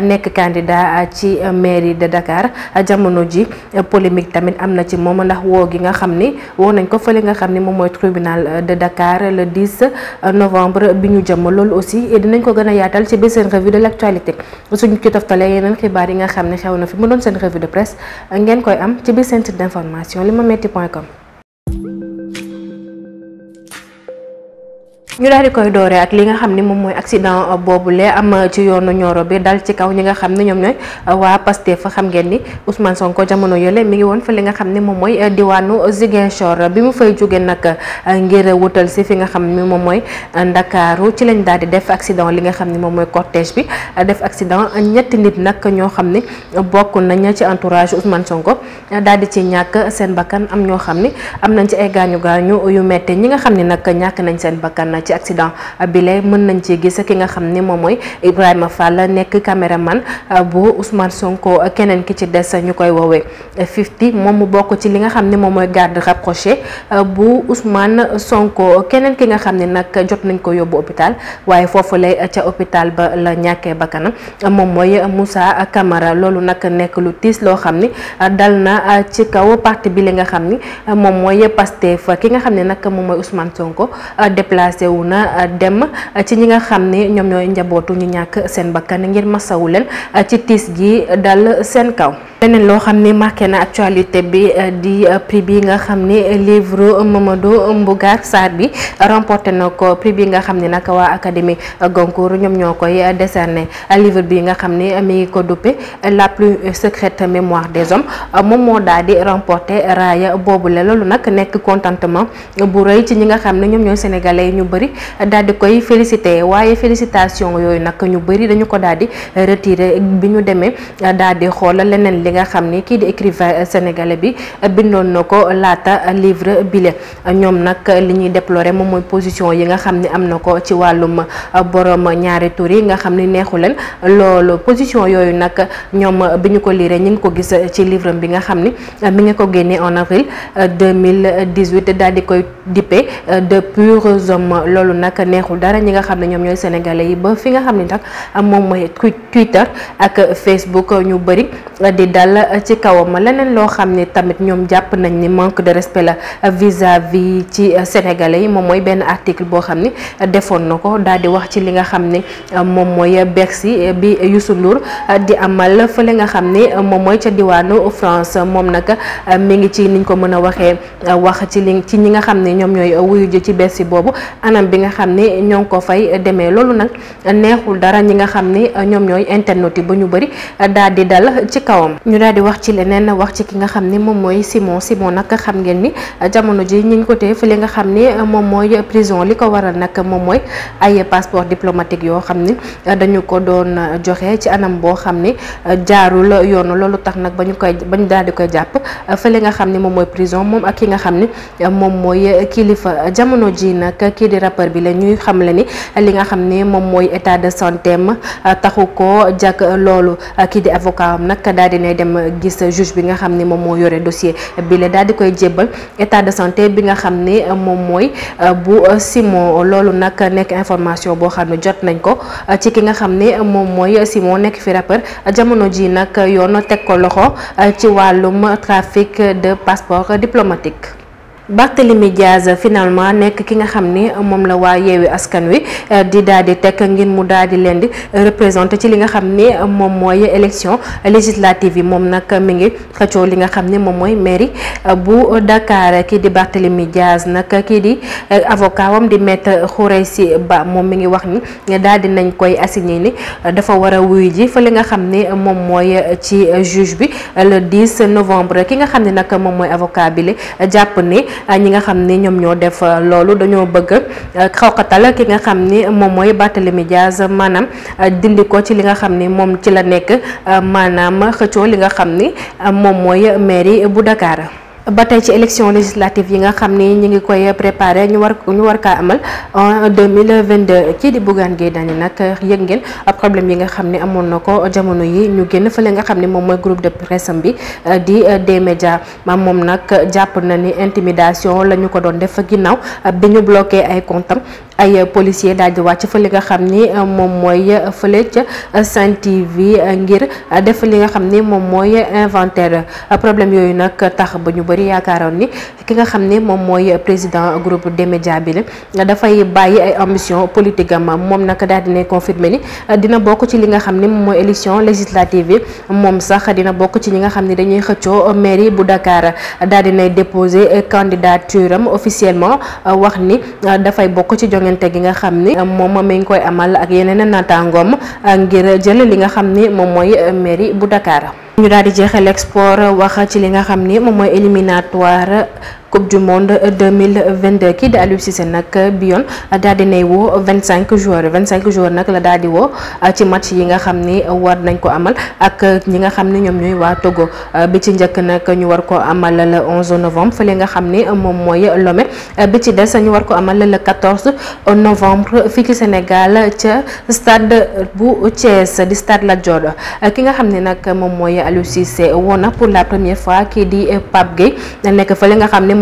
nek candidat uh, ci uh, mairie de Dakar uh, jamono ji polémique tamit amna ci polémique, ndax gi nga tribunal de Dakar le 10 novembre Il aussi eh, dinañ revue de l'actualité suñu ci revue de presse ngeen koy am ci d'information ñu daal di koy dooree ak li nga xam ni moom mooy accident boobule am ci yoonu Nioro bi dal ci kaw ñi nga xam ne ñoom ñooy waa Pastef xam ngeen ni Ousmane Sonko jamono yële mi ngi woon fa li nga xam ne moom mooy diwaanu Ziguinchor bi mu fay jóge nag euh, ngir wutal si fi nga xam ni moom mooy Ndakaaru ci lañ daal di def accident li nga xam ni moom mooy cortége bi euh, def accident ñetti nit nag ñoo xam ni bokk nañ ci entourage Ousmane Sonko euh, daal di ci ñàkk seen bakkan am ñoo xam ni am nañ ci ay gaañu gaañu yu ñi nga xam ni nag ñàkk nañ seen bakkan ci accident bi mën nañ ci gis ki nga xam ni moom mooy Ibrahima Fall nekk caméraman euh, bu Ousmane Sonko keneen ki ci des ñu koy woowee Fifty moom mu bokk ci li nga xam ni moom mooy garde rapproché euh, bu Ousmane Sonko keneen ki nga xam ni nag jot nañ ko yóbbu hôpital waaye foofu lay ca hôpital ba la ñàkkee bakkanam moom mooy Moussa Camara loolu nag nekk lu tiis loo xam ni euh, dal na ci kaw parti bi li nga xam ni moom mooy Pastef ki nga xam ne nag moom mooy Ousmane Sonko déplacé wu na euh, dem euh, ci ñi nga xam ne ñoom ñooy njabootu ñu ñàkk seen bakkan ngir masawu leen euh, ci tiis gi dal seen kaw. leneen loo xam ni marqué na actualité bi di prix bi nga xam ni livre Mamadou Mbougar Sarr bi remporté na ko prix bi nga xam ni nag waa académie Goncourt ñoom ñoo koy décerné livre bi nga xam ni mi ko duppe la plus secrète mémoire des hommes moom moo daal di raaya boobu la loolu nag nekk contentement bu rëy ci ñi nga xam ne ñoom ñooy sénégalais bëri daal di koy félicité waye félicitation yooyu nak ñu bari dañu ko dal di retiré biñu démé dal di xol leneen li nga xamni ki di écrivain sénégalais bi bindoon na lata livre bile ñom nak li ñuy déplorer mooy position yi nga xamni ni am na ci walum borom ñaari tour yi nga xamni ni neexu position yooyu nak ñom biñu ko lire ñu ko gis ci livre bi nga xamni mi nga ko génné en avril 2018 dal di koy dippe de purs hommes loolu nag neexul dara ñi nga xam ne ñoom ñooy sénégalais yi ba fi nga xam ne nag moom mooy Twitter ak Facebook ñu bëri di dal ci kawam leneen loo xam ne tamit ñoom jàpp nañ ni manque de respect la vis-à-vis ci sénégalais yi moom mooy benn article bo xam ni defoon na ko di wax ci li nga xam ne moom mooy bi Youssou Ndour di amal fële nga xam ni moom mooy ca France moom nag mi ngi ci niñ ko mën a waxee wax ci li ci ñi nga xam wuyu ji ci Bercy boobu anam bi nga xam ne ñoo ko fay demee loolu nag neexul dara ñi nga xam ne ñoom ñooy internet yi ba ñu bëri daal di dal ci kawam. ñu daal di wax ci leneen wax ci ki nga xam ne moom mooy Simon Simon nag xam ngeen ni jamono ji ñu ngi ko téye fële xam ne moom mooy prison li ko waral nag moom mooy ay passeport diplomatique yoo xam ni dañu ko doon joxe ci anam boo xam ne jaarul yoonu loolu tax nag ba ñu koy ba ñu daal di koy jàpp fële nga xam ne moom mooy prison moom ak ki nga xam ne moom mooy kilifa jamono ji nag kii di rappeur bi la ñuy xam la ni li nga xam ne moom mooy état de santé am euh, taxu ko jàkk loolu euh, kii di avocat am nag daal dinay dem gis juge bi nga xam ni moom moo yore dossier bi la daal di koy jébbal état de santé bi nga xam ne euh, moom mooy bu Simon loolu nag nekk information boo xam ne jot nañ ko ci ki nga xam ne moom mooy Simon nekk fi rappeur jamono ji nag yoon teg ko loxo ci wàllum trafic de passeport diplomatique Barthélemy Diaz finalement nekk ki nga xam ni moom la waa yeewi askan wi eh, di daal di teg ngir mu daal di leen di représenté ci li nga xam ni moom mooy élection législative yi moom nag mi ngi xëccoo li nga xam ni moom mooy mairie eh, bu Dakar kii di Barthélemy Diaz nag kii di eh, avocat wam di maître Khoureysi Ba moom mi ngi wax ni daal di nañ koy assigné ni dafa war a wuy ji fa li nga xam ni moom mooy ci juge bi le 10 novembre ki nga xam ni nag moom mooy avocat bi li jàpp ni. ñi nga xam ni ñoom ñoo def euh, loolu dañoo bëgg euh, xawxatal ki nga xam ni moom mooy Barthélémy Dias maanaam euh, dindi ko ci li nga xam ni moom ci la nekk maanaam xëccoo li nga xam ni moom mooy mairie bu Dakar ba tey ci élection législative yi nga xam ni ñu ngi koy préparé ñu war ñu war kaa amal en 2022 kii di Bougane Gueye Dany nag yëg ngeen problème yi nga xam ne amoon na ko jamono yi ñu génn fële nga xam ni moom mooy groupe de bi euh, di euh, des médias maam moom nag jàpp na ni intimidation la ñu ko doon def ginnaaw euh, bi ñu bloqué ay comptam ay policier daal di wàcc fële nga xam ni moom mooy fële ca Sen TV ngir def li nga xam ni moom mooy inventaire problème yooyu nag tax ba ñu bëri yaakaaroon ni ki nga xam ne moom mooy président groupe des médias bi la dafay bàyyi ay ambition politique am moom nag daal dina confirmer ni dina bokk ci li nga xam ni moom mooy élection législative yi moom sax dina bokk ci li nga xam ne dañuy xëccoo mairie bu Dakar daal dinay déposer candidature am officiellement wax ni dafay bokk ci jongante gi nga xam ni moom mi ngi koy amal ak yeneen a naataangoom ngir jël li nga xam ni moom mooy mairie bu Dakar ñu daal di jeexal sport wax ci li nga xam ni moom mooy éliminatoire coupe du monde 2022 kii di Aliou Cissé nag bi yoon daal di nay woo 25 joueurs 25 joueurs nag la daal di woo eh, ci match yi nga xam ni war nañ ko amal ak eh, ñi nga xam ni ñoom wa waa Togo eh, bi ci njëkk nag ñu war ko amal le 11 novembre fële nga xam ni moom mooy Lomé bi ci des ñu war ko amal le 14 novembre fi ci Sénégal ca stade bu Thiès di stade Lat Dior ki nga xam ne nag moom mooy Aliou Cissé woo na pour la première fois kii di Pape Gueye nekk fële nga xam ni